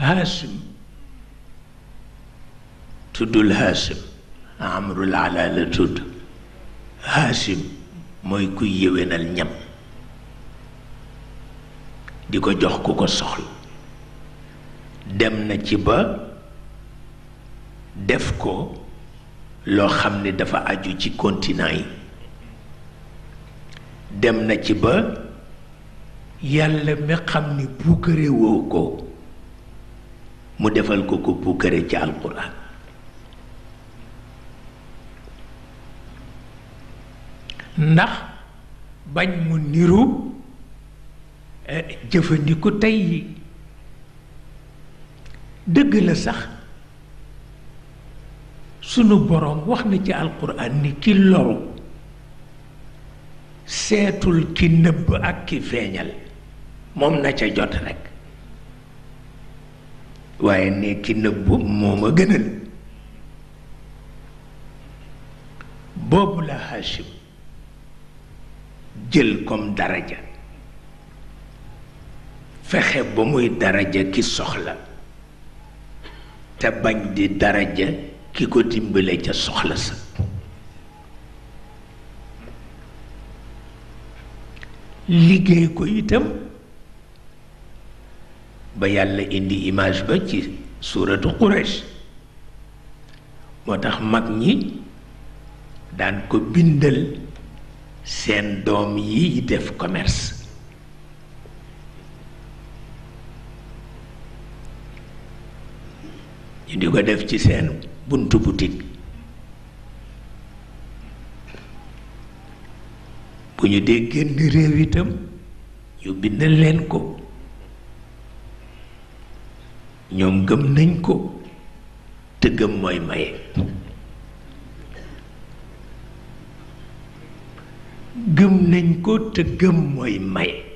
haasim tuddul haasim amrul ala la tudd haasim mooy kuy yéwénal ñam di ko jox ku ko soxla dem na ci ba def ko loo xam ni dafa aju ci continent yi dem na ci ba yàlla mi xam ni bu ko mu defal ko ko puukare ci alquran ndax bañ mu niru e, jëfandiku tey dëgg la sax sunu boroom wax na ci alquran ni ki loru seetul ki nëbb ak ki feeñal moom na ca jot rekk waaye ne ci nëbbu moo ma gënal boobu la Hachim jël comme daraja fexe ba muy daraja ki soxla te bañ di daraja ki ko dimbale ca soxla sa liggéey ko itam ba yàlla indi image ba ci suuratu Quraysh moo tax mag ñi daan ko bindal seen doom yi def commerce ñu di ko def ci seen buntu boutique bu ñu dee génn réew itam ñu bindal leen ko ñoom gëm nañ ko te gëm mooy maye gëm nañ ko te gëm mooy maye